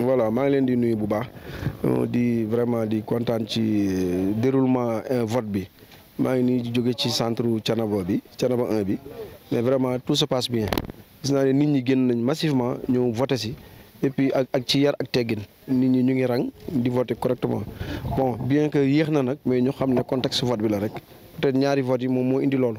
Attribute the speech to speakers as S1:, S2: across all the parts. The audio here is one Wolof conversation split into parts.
S1: voilà maa ngi leen di nuyu bu baax euh, di vraiment di ci euh, déroulement euh, vote bi ma ngi nii di ci centre Thiénaba bi Thiénaba 1 bi mais vraiment tout se passe bien gis naa nit ñi génn nañ massivement et puis ak ak ci yar ak nit ngi rang di voté correctement bon bien que na nag mais ñu contexte vote bi la rek peut-être ñaari vote indi lolu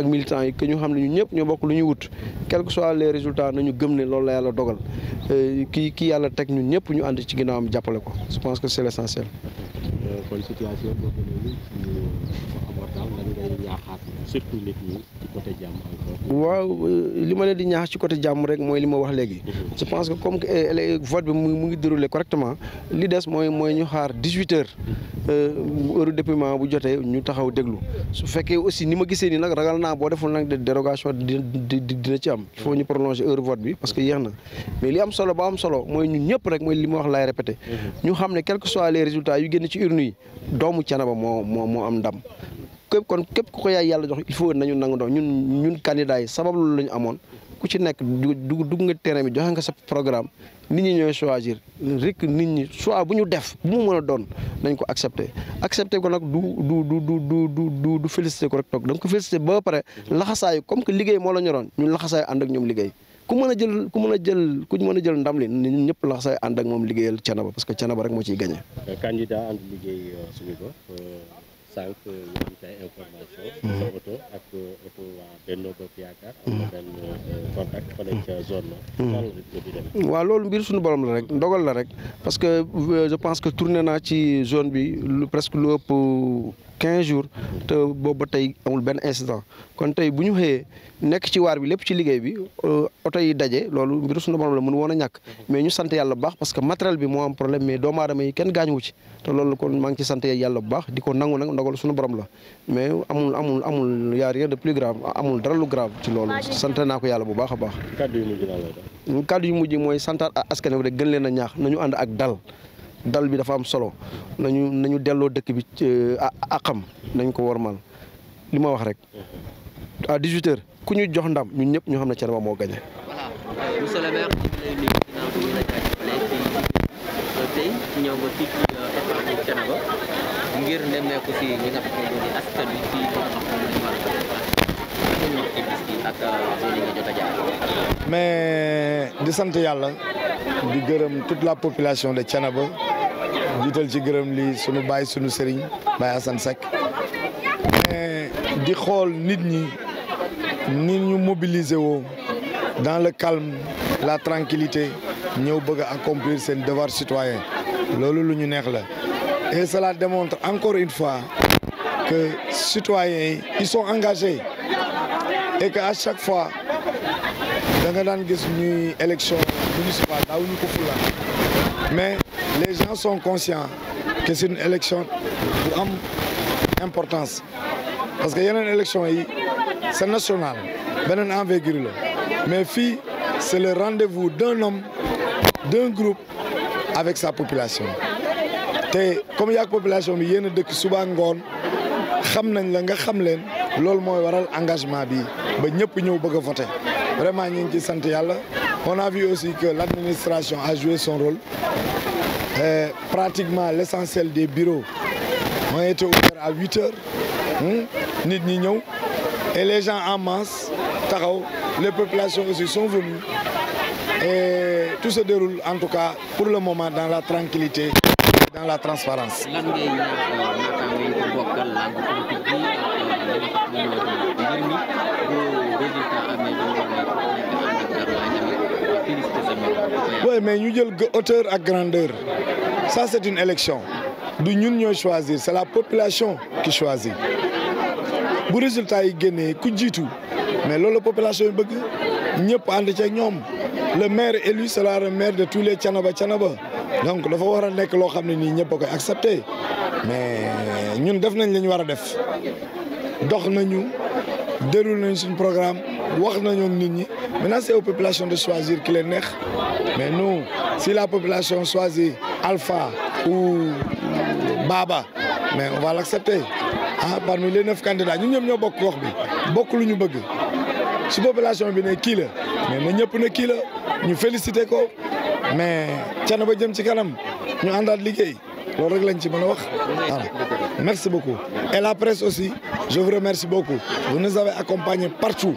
S1: ak militants yi que xam ne ñun ñëpp ñoo bokk lu ñuy wut quel que soit les résultats nañu gëm ne loolu la yàlla dogal euh, kii kii yàlla teg ñu ñëpp ñu ànd ci am jàppale ko je pense que c'est l'essentiel kon euh, situation boobu noonu ci euh, aborder waaw euh, li ma leen di ñaax ci côté jàmm rek mooy li ma wax léegi. Mhm. je pense que comme que vote bi mu ngi déroulé correctement li des mooy mooy ñu xaar dix huit heures. Mhm. heure dépouillement bu jotee ñu taxaw déglu su fekkee aussi ni ma gisee nii nag ragal naa boo deful nag dérogation dina ci am il ñu prolonger heure vote bi parce que yéex na mais li am solo ba am solo mooy ñu ñëpp rek mooy li ma wax laay répété. Mhm. ñu xam ne quel soit les résultats yu génn firnde yi doomu Thiénaba moo moo moo am ndam képp kon képp ku ko yaay yàlla jox il faut nañu nangu ndaw ñun ñun candidats yi sabab loolu la amoon ku ci nekk dugg dugg nga terrain bi joxe nga sa programme nit ñi ñooy choisir rek nit ñi choix bu ñu def bu mu mën a doon nañ ko accepté accepté ko nag du du du du du du du félicité ko rek toog da ko félicité ba pare laxasaayu comme que liggéey moo la ñoroon ñun laxasaayu ànd ak ñoom liggéey. ku mën a jël ku mën a jël ku mën a jël ndam li ñun ñëpp lax say ànd ak moom liggéeyal Thiénaba parce que Thiénaba rek moo ciy gagné. Euh, candidat ànd liggéey euh, suñu bopp ci euh, ay mhm.
S2: waa mhm. zone la. Mhm.
S1: waaw loolu mbir suñu borom la rek ndogal la rek parce que je pense que tourne naa ci zone bi lu presque lu ëpp. 15 jours te boobu ba tey amul benn incident kon tey bu ñu xëyee nekk ci waar bi lépp ci liggéey bi euh, oto yi daje loolu mbiru suñu borom la mais ñu sant yàlla bu baax parce que matériel bi moo am problème mais doomu aadama yi kenn gaañuwu ci te loolu kon maa ngi ci sant yàlla bu baax di ko nangu nag ndogal suñu borom la mais amul amul amul a rien de plus grave amul dara lu grave ci loolu sant naa ko yàlla bu baax a baax kàddu yu mujj mooy santaat askan wi gën leen a ñaax nañu ànd ak dal dal bi dafa am solo nañu nañu delloo dëkk bi àqam euh, nañ ko wormal li ma wax rek à 18 ku ñu jox ndam ñun ñëpp ñoo xam ne Thiénaba moo gagné.
S3: mais de sant yàlla di gërëm toute la population de Thiénaba jiital ci gërëm li sunu baay sunu sëriñ Baay Assane Seck mais di xool nit ñi nit ñu mobiliser dans le calme la tranquillité ñëw bëgg a accomplir seen devoir citoyen loolu lu ñu neex la et cela démontre encore une fois que citoyens ils sont engagés et qu'à chaque fois da nga une gis élection municipale ko mais les gens sont conscients que c'est une élection d'importance, parce importance parce a une élection c'est national envergure mais c'est le rendez-vous d'un homme d'un groupe avec sa population Et comme il population a une a une suba qui xam nañ la nga xam leen loolu un engagement on a vu aussi que l'administration a joué son rôle euh, pratiquement l'essentiel des bureaux ont été ouverts à 8 heures hmm? et les gens en masse les populations aussi sont venues et tout se déroule en tout cas pour le moment dans la tranquillité et dans la transparence oui mais nous une hauteur à grandeur ça c'est une élection Nous, avons choisi, c'est la population qui choisit Le résultat est gagné, ku tout. mais la population Nous bëgg ñëpp ànd de le maire élu sera le maire de tous les Thiénaba Tchanaba. donc dafa faut que nous avons ne accepté mais nous devons nous faire Nous war nous def dox programme nit maintenant c'est aux populations de choisir qui les neex mais nous si la population choisit Alpha ou Baba mais on va l'accepter ah parmi les neuf candidats nous avons beaucoup bokk wax bi bokk lu bëgg si population bi ne la mais na ñëpp ne kii la ñu mais nous ba jëm ci kanam ñu àndaat liggéey loolu rek lañ merci beaucoup et la presse aussi je vous remercie beaucoup vous nous avez accompagnés partout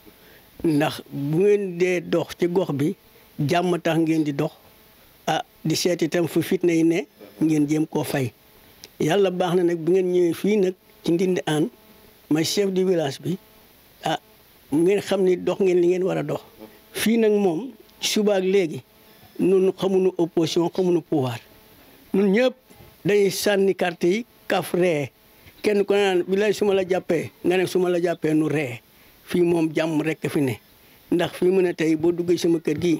S2: ndax bu ngeen dee dox ci gox bi jàmm tax ngeen di dox a ah, di seet itam fu fitna yi ne ngeen jéem koo fay yàlla baax na nag bu ngeen ñëwee fii nag ci Ndindi Aan may chef du village bi a ah, ngeen xam ni dox ngeen li ngeen war a dox fii nag moom suba ak léegi nun xamuñu opposition xamuñu pouvoir nun ñëpp dañuy sànni carte yi kaf ree kenn ku naan bi lay su ma la jàppee nga ne suma la jàppee nu ree fii moom jàmm rek fi ne ndax fii mu ne tey boo duggee sama kër gi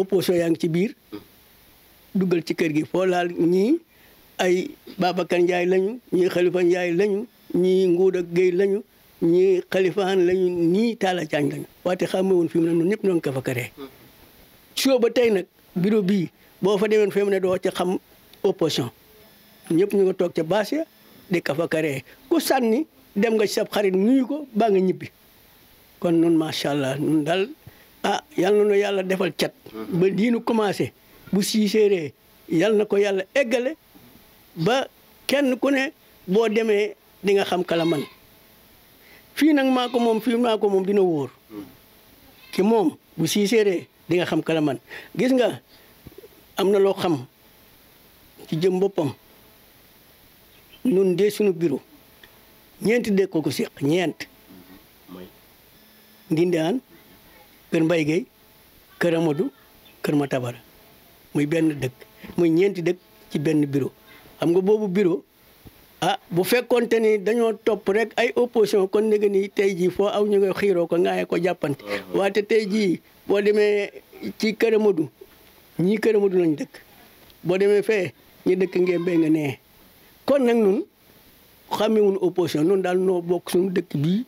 S2: opposition yaa ngi ci biir duggal ci kër gi foo laal ñii ay Babacar Ndiaye lañu ñii Khalifa Ndiaye lañu ñii Ngouda Gueye lañu ñii Khalifaan lañu ñii Talla Diagne lañu waate xamme woon fi mu ne noonu ñëpp ñoo ngi ko fa créé soo ba tey nag bureau bii boo fa demee fii mu ne doo ci xam opposition ñëpp ñu nga toog ca bâche di ka fa créé ku sànni dem nga ci sab xarit nuyu ko baa nga ñibbi kon noonu macha allah nun daal ah yal na nu yàlla defal cat. Mm-hmm. ba diinu commencé bu siiseeree yàlla na ko yàlla eggale ba kenn ku ne boo demee di nga xam kalaman fii nag maa moom fii maa moom dina wóor mm-hmm. ki moom bu siiseeree di nga xam kalaman gis nga am na loo xam ci jëm boppam nun dee sunu bureau. ñeenti dëkk ko siq ñeent ndindaan kër mbay gay këramadu amadou kër ma tabara muy benn dëkk muy ñeenti dëkk ci benn biro xam nga boobu biro a ah, bu fekkoonte ni dañoo topp rek ay opposition kon nega ni tey jii foo aw ñu nga xiiroo ko ngaayee ko jàppante uh-huh. waate tey jii boo demee ci kër ñii këramadu amadou dëkk boo demee fee ñu dëkk ngeen béy nga nee kon nag nun xamewuñu opposition noonu daal noo bokk suñu dëkk bii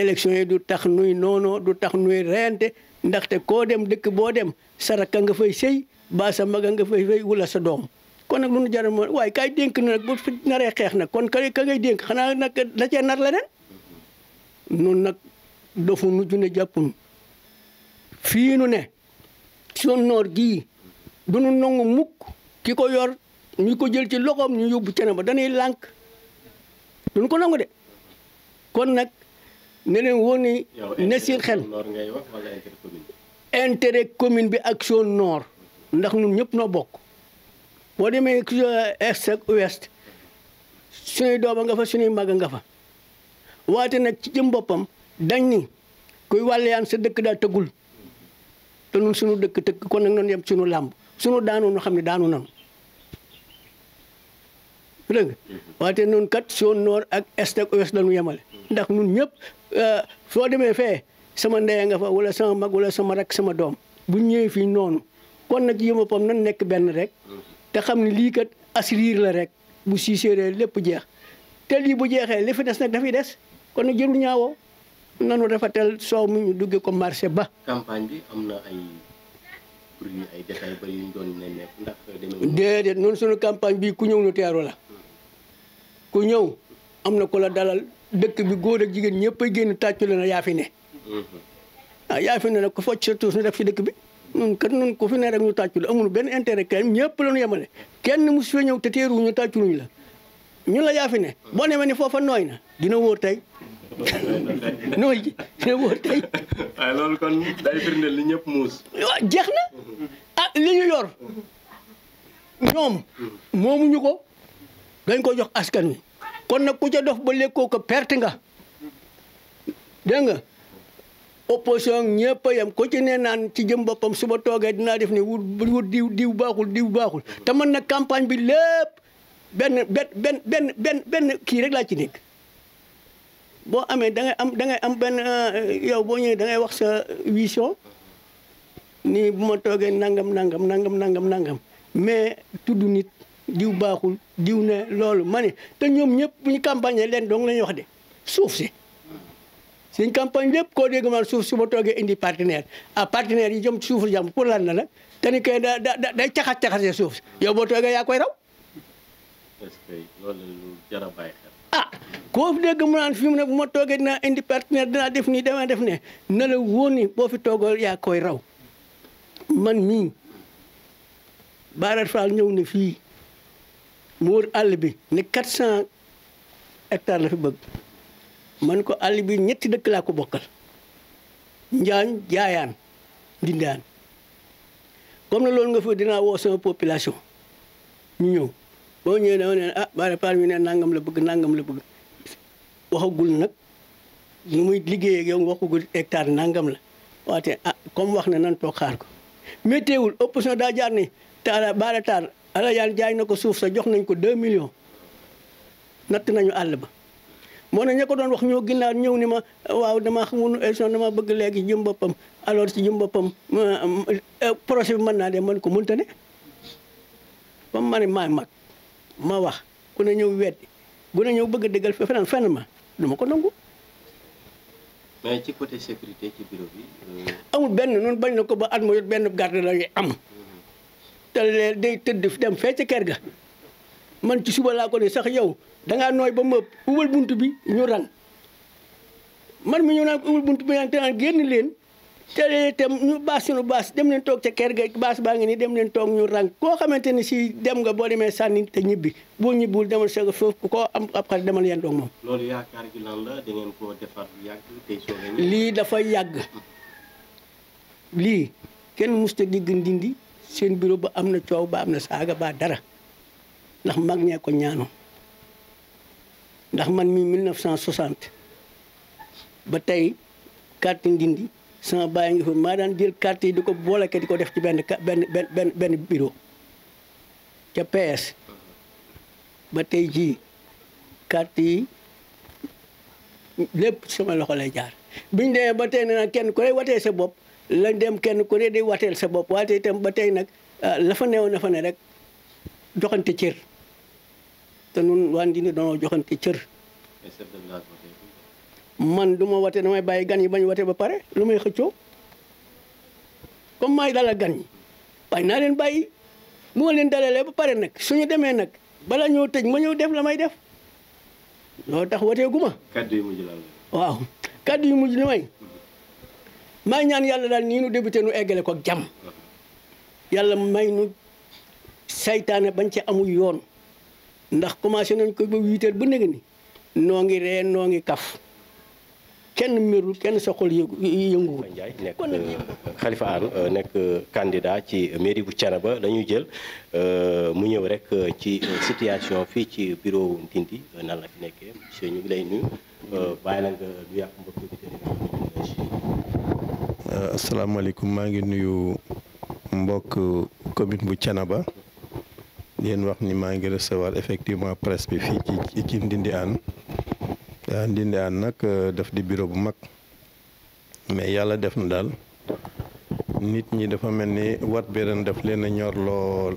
S2: élection yi du tax nuy noonoo du tax nuy reyante ndaxte koo dem dëkk boo dem sa rakka nga fay sëy baa sa a nga fay fay wala sa doom kon nag lu nu jaral waaye kay dénk na nag bu fi naree xeex nag kon ka ka ngay dénk xanaa nag da cee nar leneen noonu nag dofu nu junne jàppun fii nu ne son noor gii du nu nangu mukk ki ko yor ñu ko jël ci loxoom ñu yóbbu cene ba dañuy lànk duñ ko nangu de kon nag ne leen woon ni ne xel intérêt commune bi ak zone noor ndax ñun ñëpp noo bokk boo demee euh, est ak ouest suñuy doom nga fa suñuy mag nga fa waate nag ci jëm boppam dañ ni kuy wàlleyaan sa dëkk daal tëggul te ñun dëkk tëgg kon nag noonu yem suñu làmb suñu daanu noo xam ni daanu nanu deug mhm. waté nun kat son nor ak est ak ouest lañu yamal mhm. ndax nun ñep eh, soo démé fé sama ndey nga fa wala sama mag wala sama rak sama dom bu ñëw fi non kon nak yëma pam nan nek ben rek mhm. té xamni li kat asrir la rek bu siiseeree lepp jeex té li bu jeexé li fi nak da fi dess kon nag jëru ñaawoo nanu rafetal so mi ñu duggé ko marché ba. campagne bi amna na ay bruit ay détails ba yu ñu doon né nek ndax. dédé nun suñu campagne bi ku ñëw ñu téru la. ku ñëw am na ko la dalal dëkk bi góor ak jigéen ñëpp ay génn tàccu la na yaa fi ne mm-hmm. ah yaa fi ne nag ku focc def ci dëkk bi ñun kat ko fi ne rek ñu tàccu la amul benn intérêt kenn ñëpp la ñu yemale kenn mosu fee ñëw te teeruñu tàcculuñu la ñun la yaa ne boo nemee ni foofa nooy na dina wóor tey nooy dina wóor tey. waaye loolu kon day firndeel li ñëpp muus. waaw jeex na ah li ñu yor ñoom moomuñu ko dañ ko jox askan wi. kon nag ku ca dof ba lekkoo ko perte nga dégg nga opposition ñëpp a yem ku ci nee naan ci jëm boppam su ma toogee dinaa def ne wut diw diw baaxul diw baaxul te man nag campagne bi lépp benn benn benn benn benn kii rek laa ci nekk boo amee da am da am benn euh, yow boo ñëwee da ngay wax sa vision nii bu ma toogee nangam nangam nangam nangam nangam mais tudd nit diw baaxul diw ne loolu ma ne te ñoom ñëpp bu ñu campagne leen dong la ñuy wax de suuf si suñ campagne lépp koo dégg man suuf su ma toogee indi partenaire ah partenaire yi jëm suufu jàmm pour lan la te ni koy da da day suuf si yow boo toogee yaa koy raw. est-ce que loolu a bàyyi ah, dégg mu naan fi mu ne bu ma toogee dinaa indi partenaire dinaa def nii demaa def ne na la wóor ni boo fi toogoo yaa koy raw man mii Bara Fall ñëw na fii. mu wër àll bi ne quatre cent hectares la fi bëgg man ko àll bi ñetti dëkk laa ko bokkal njaañ jaayaan ndindaan comme na loolu nga fa dinaa woo sama population ñu ñëw boo ñëwee dama ne ah bare par mi ne nangam la bëgg nangam la bëgg waxagul nag lu muy liggéeyee ak yow nga waxagul hectare nangam la waate ah comme wax na nan toog xaar ko météwul opposition daa jaar ni taala baara taal Alajaan jaay na ko suuf sa jox nañ ko 2 millions natt nañu àll ba. moo ne ña ko doon wax ñoo ginnaaw ñëw ni ma waaw damaa xamul élection dama bëgg léegi jëm boppam alors si jëm boppam euh, projet bi mën naa de mën ko mënta ne. ba ma ne maa mag ma wax ku ne ñëw weddi ku ne ñëw bëgg a dëggal fenn fenn ma du ko nangu. mais ci côté sécurité euh, benn noonu bañ na ko ba at ma benn garde la am. te day tëdd dem fee ga man ci suba la ko ne sax yow nga noy ba mëpp ubal buntu bi ñu ran man mi ñu na ubal buntu bi naan tan genn leen te itam ñu bass ñu bass dem leen tok ci ker ga bass ba nga ni dem leen tok ñu ran ko xamanteni ci dem nga bo demé sanni te ñibbi bo ñibul demal sega foofu ko am ab xal demal yendoog mom lolu yaakar gi lan la da ngeen koo te yàgg tey soo li dafa yàgg li kenn musta digg ndindi seen bureau ba am na coow ba am na saaga ba dara ndax mag ñee ko ñaanoon ndax man mi 1960 ba tey carte Ndindi sama baay ngi fa maa daan jël carte yi di ko booleke di ko def ci benn benn benn benn bureau ca PS ba tey jii carte yi lépp sama loxo lay jaar biñ demee ba tey nee na kenn ku lay watee sa bopp lañ dem kenn ku ne day wateel sa bopp waaye itam ba tey nag ah, la fa newoon na fa ne rek joxante cër te nun waa Ndindi dañoo joxante cër. man du ma wate damay bàyyi gan yi bañ watee ba pare lu may xëccoo comme may dalal gan yi waaye naa leen bàyyi bu ma leen dalalee ba pare nag su ñu demee nag bala ñoo tëj ma ñëw def la may def loolu tax watee gu ma. yu mujj waaw kaddu yu mujj li may. maa ñaan yàlla daal nii nu débuté nu eggale ko jàmm yàlla may nu seytaane bañ ci amul yoon ndax commencé nañ ko ba huit heures ba néeg ni noo ngi ree noo ngi kaf kenn mérul kenn soxol xol yënguwul Ndiaye nekk euh, Khalifa Anne euh, nekk euh, ci mairie bu Thiénaba dañuy jël mu ñëw rek ci situation fii ci bureau Ndindi nan la fi nekkee monsieur ñu ngi lay nuyu bàyyi la nga nuyu ak mbokk
S4: Euh, asalaamaaleykum maa ngi nuyu mbokk commune bu Thiénaba leen wax ni maa ngi recevoir effectivement presse bi fii ci ci Ndindi Anne euh, Ndindi Anne nag euh, daf di bureau bu mag mais yàlla def na daal nit ñi dafa mel ni wat bi ren daf leen ñor lool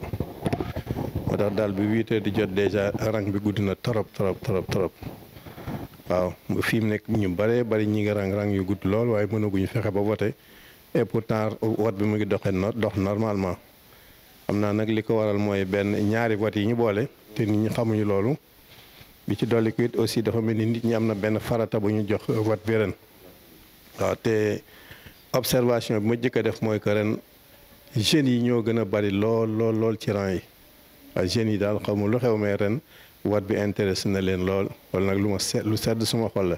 S4: moo tax daal bi huit di jot déjà rang bi gudd na trop trop trop trop. waaw fii mu nekk ñu bëree bëri ñi ngi rang rang yu gudd lool waaye mënaguñu fexe ba voté et pourtant vote bi mu ngi doxee dox normalement xam naa nag li ko waral mooy benn ñaari vote yi ñu boole te nit ñi xamuñu loolu bi ci dolli aussi dafa mel ni nit ñi am na benn farata bu ñu jox vote bi ren waaw te observation bi ma jëkk a def mooy que ren jeunes yi ñoo gën a bëri lool lool lool ci rang yi waaw jeunes yi daal xamul lu xew mais ren wat bi intéressé na leen lool wala nag lu ma se sedd suma xol la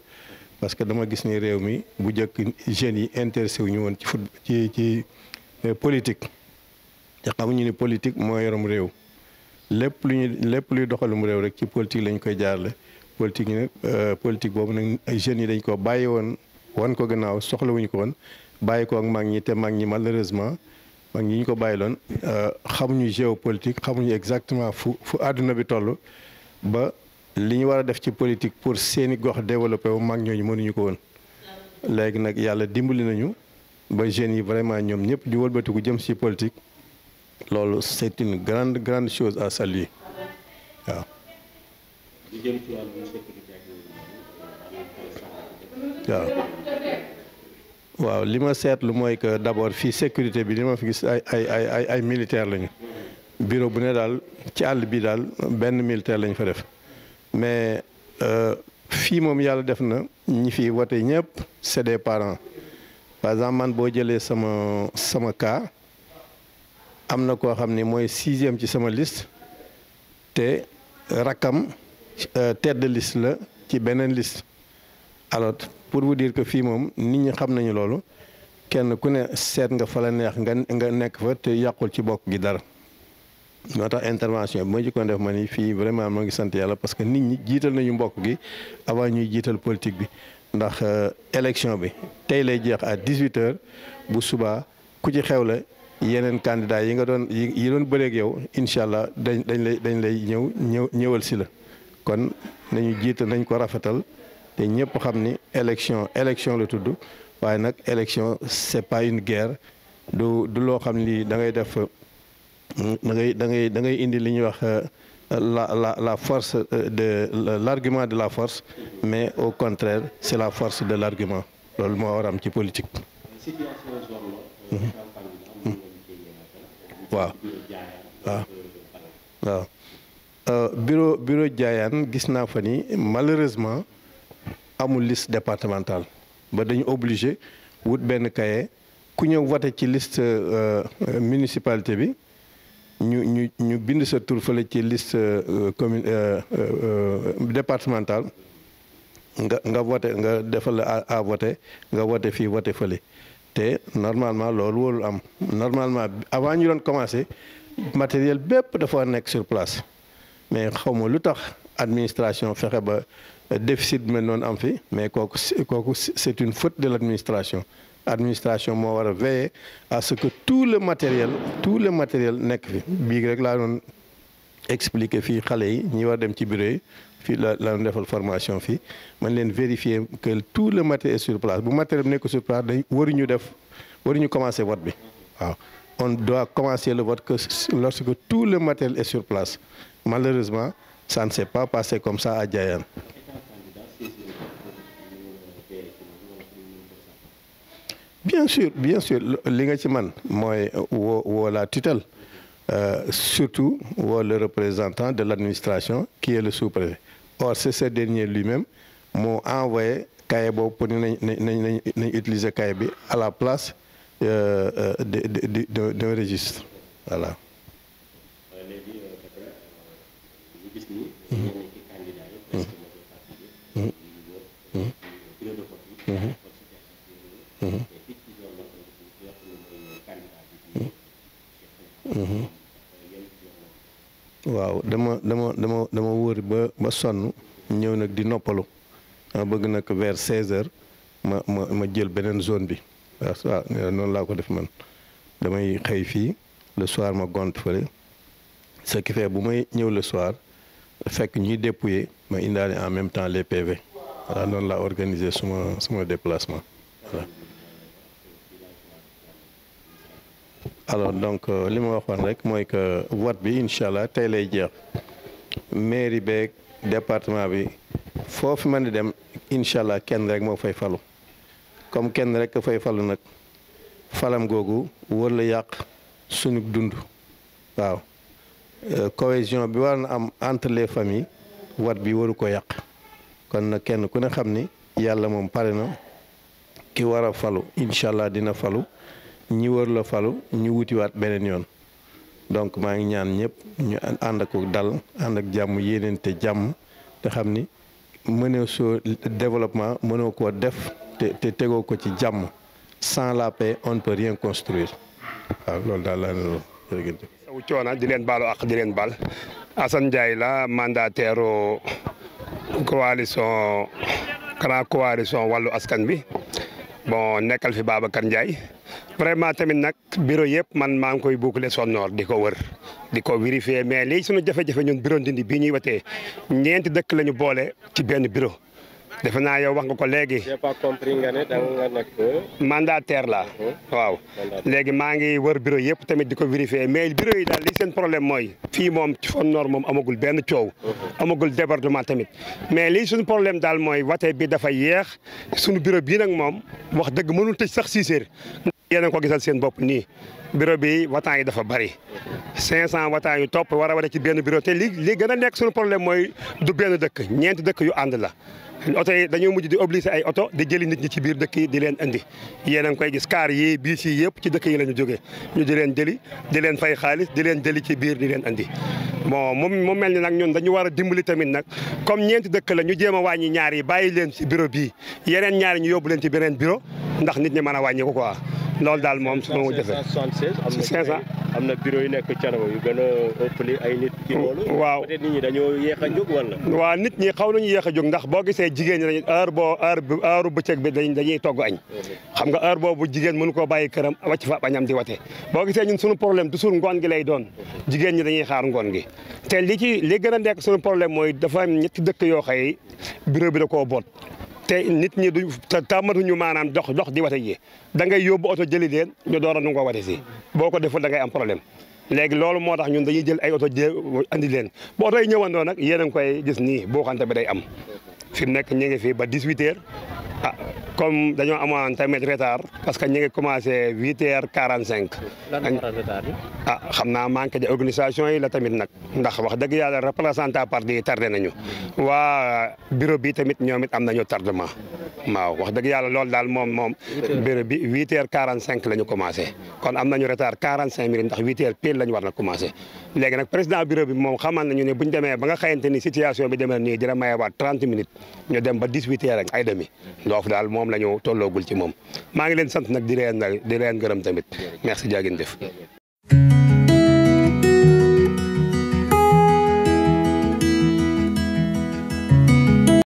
S4: parce que dama gis ni réew mi bu njëkk jeunes yi intéressé wu ñu woon ci foot ci ci euh, politique te xamuñu ni politique moo yorum réew lépp lu ñu lépp luy doxalum réew rek ci politique lañ koy jaarale politique yi nag euh, politique boobu nag jeunes yi dañ ko bàyyi woon wan ko gannaaw soxlawuñu ko woon bàyyi ko ak mag ñi te mag ñi malheureusement mag ñi ñu ko bàyyi loon euh, xamuñu géopolitique xamuñu exactement fu fu àdduna bi toll ba li ñu war a def ci politique pour seeni gox développé wu mag ñooñu mënuñu ko woon léegi nag yàlla dimbali nañu ba jeunes yi vraiment ñoom ñëpp di wëlbatiku jëm si politique loolu c'est une grande grande chose à saluer waaw. waaw waaw li ma seetlu mooy que d'abord fii sécurité bi li ma fi gis ay ay ay ay militaires lañu. bureau bu ne daal ci àll bii daal benn militaire lañ fa def mais euh, fii moom yàlla def na ñi fi wote ñëpp c'est des parents par exemple man boo jëlee sama sama cas am na koo xam ni mooy sixième ci sama liste te rakkam euh, tête de la ci beneen liste alors pour vous diir que fii moom nit ñi xam nañu loolu kenn ku ne seet nga fa la neex nga nekk fa te yàqul ci bokk gi dara moo tax intervention bi ma jëkkoon def ma ni fii vraiment ma ngi sant yàlla parce que nit ñi jiital nañu mbokk gi avant ñuy jiital politique bi ndax euh, élection bi tey lay jeex à 18 heures bu suba ku ci xew la yeneen candidat yi nga doon yi doon bëreeg yow incha allah dañ dañ lay dañ lay ñëw ñëw ñëwal si la kon nañu jiital nañ ko rafetal te ñëpp xam ni élection élection la tudd waaye nag élection c'est pas une guerre du du loo xam ni da ngay def. dangay dangay dangay indi li wax euh, la la la force euh, de l'argument de la force mais au contraire c'est la force de l'argument loolu mo waram ci politique. wa mmh. mmh. mmh. wa euh bureau bureau Diayane gis naa fa ni malheureusement amul liste départementale ba dañu obligé wut ben cahier ku ñëw voter ci liste euh, municipalité bi ñu ñu ñu bind sa tur fële ci liste euh, commune euh, euh, départementale nga nga voter nga défal la à voter nga voter fi voter fële té normalement lool warul am normalement avant ñu doon commencer matériel bép dafa nek sur place mais xaw lutax administration fexé ba déficit mel non am fi mais c'est une faute de l'administration administration mo wara veiller à ce que tout le matériel tout le matériel nek fi bi rek la don expliquer fi xalé yi ñi bureau fi la formation fi man len vérifier que tout le matériel est sur place Le matériel nek sur place day wariñu def le commencer vote bi on doit commencer le vote que lorsque tout le matériel est sur place malheureusement ça ne s'est pas passé comme ça à Diane. bien sûr bien sûr li ou ci man la tutelle euh, surtout ou le représentant de l'administration qui est le sous-préfet or c'est ce dernier lui-même m'a envoyé Kayabo pour utiliser cahier à la place euh, euh, de d'un registre voilà. Mhm. waaw dama dama dama dama wóor ba ba sonn ñëw nag di noppalu ma bëgg nag vers 16h ma ma ma jël beneen zone bi waaw noonu laa ko def man damay xëy fii le soir ma gont fële ce qui fait bu may ñëw le soir fekk ñuy dépouiller ma indaale en même temps les PV voilà noonu laa organiser suma suma déplacement. alors donc euh, li ma waxoon rek mooy que vote bi incha allah tey lay jeex mairie beeg département bi foofu mën di dem incha allah kenn rek moo fay falu comme kenn rek fay falu nag falam googu wër la yàq suñu dund waaw euh, cohésion bi war na am entre les familles wat bi waru ko yàq kon nag kenn ku ne xam ni yàlla moom pare na ki war a falu incha allah dina falu ñi wër la falu ñu wutiwaat beneen yoon donc maa ngi ñaan ñëpp ñu ànd dal ànd ak jàmm yéeneen te jàmm te xam ni mënoo développement mënoo koo def te te tegoo ko ci jàmm sans la paix on ne peut rien construire waaw loolu daal laa ne jërëjëf.
S5: coona di leen baalu ak di leen baal Assane Ndiaye la mandataire coalition grand coalition askan bi. bon nekkal fi Babacar Ndiaye vraiment tamit nag biro yëpp man maa ngi koy boucler sonnoor di ko wër di ko vérifier mais lii suñu jafe-jafe ñun bureau Ndindi bii ñuy watee ñeenti dëkk la ñu boole ci benn biro defe naa yow wax nga ko léegi. j'ai pas la. Mhm. waaw léegi maa ngi wër bureau yëpp tamit di ko vérifier mais bureau yi daal li seen problème mooy. fii moom ci moom amagul benn coow. Mhm. amagul débordement tamit. mais lii suñu problème daal mooy wate bi dafa yéex suñu bureau bii nag moom wax dëgg mënul tëj sax six heures. yéen ko gisal seen bopp nii bureau bi wataan yi dafa bari 500 wataan yu topp war a ci benn bureau te li li gën a nekk suñu problème mooy du benn dëkk ñeenti dëkk yu ànd la. oto yi dañoo mujj di obligé ay oto di jëli nit ñi ci biir dëkk yi di leen indi yéen a ngi koy gis kaar yi biis yi yëpp ci dëkk yi lañu ñu ñu di leen jëli di leen fay xaalis di leen jëli ci biir di leen indi bon moom mu mel ni nag ñun dañu war a dimbali tamit nag comme ñeenti dëkk la ñu jéem wàññi ñaar yi bàyyi leen ci bureau bii yeneen ñaar yi ñu yóbbu leen ci beneen bureau ndax nit ñi mën a wàññi ko quoi loolu daal moom su ma. 576 am na 500 am na bureau yu nekk canaba yu a ëppali ay nit. waaw peut nit ñi dañoo yéex a jóg waaw nit ñi xaw nañu yéex a jóg ndax boo gisee jigéen ñi dañuy heure boo heure heure bëccëg bi dañuy togg añ. xam nga heure boobu jigéen mënu koo bàyyi këram wàcc fa a bañam di wate boo gisee ñun suñu problème toujours ngoon gi lay doon jigéen ñi dañuy xaar ngoon gi te li ci li gën a nekk suñu problème mooy dafa am ñetti dëkk yoo xëy bureau bi da koo boot te nit ñi duñ tàmmatuñu maanaam dox dox di wate ji da ngay yóbbu oto jëli leen ñu doora a nu ko wate si boo ko deful da ngay am problème léegi loolu moo tax ñun dañuy jël ay oto jé andi leen bu oto yi ñëwandoo nag yéen a ngi koy gis nii boo xante bi day am fi nek ñi ñu ngi fi ba 18h ah comme dañoo amoon tamit retard parce que ñi ngi commencé 8h45. lan retard ah xamna naa manque de organisation yi la tamit nak ndax wax deug yalla représentant parti yi tardé nañu wa bureau bi tamit ñomit am nañu tardement ma wax deug yalla lool dal mom mom bureau bi 8h45 lañu ñu commencé kon am nañu retard 45 minutes ndax 8h pile lañu ñu war na commencé léegi nag président bureau bi mom xamal nañu ne bu démé ba nga xayanté ni situation bi demee nii dina mayewaat 30 minutes. ñu dem ba dix-huit heures ak ay demi ndoof daal moom la ñu tolloogul ci moom maa ngi leen sant nag di leen di leen gërëm tamit merci jaa ngeen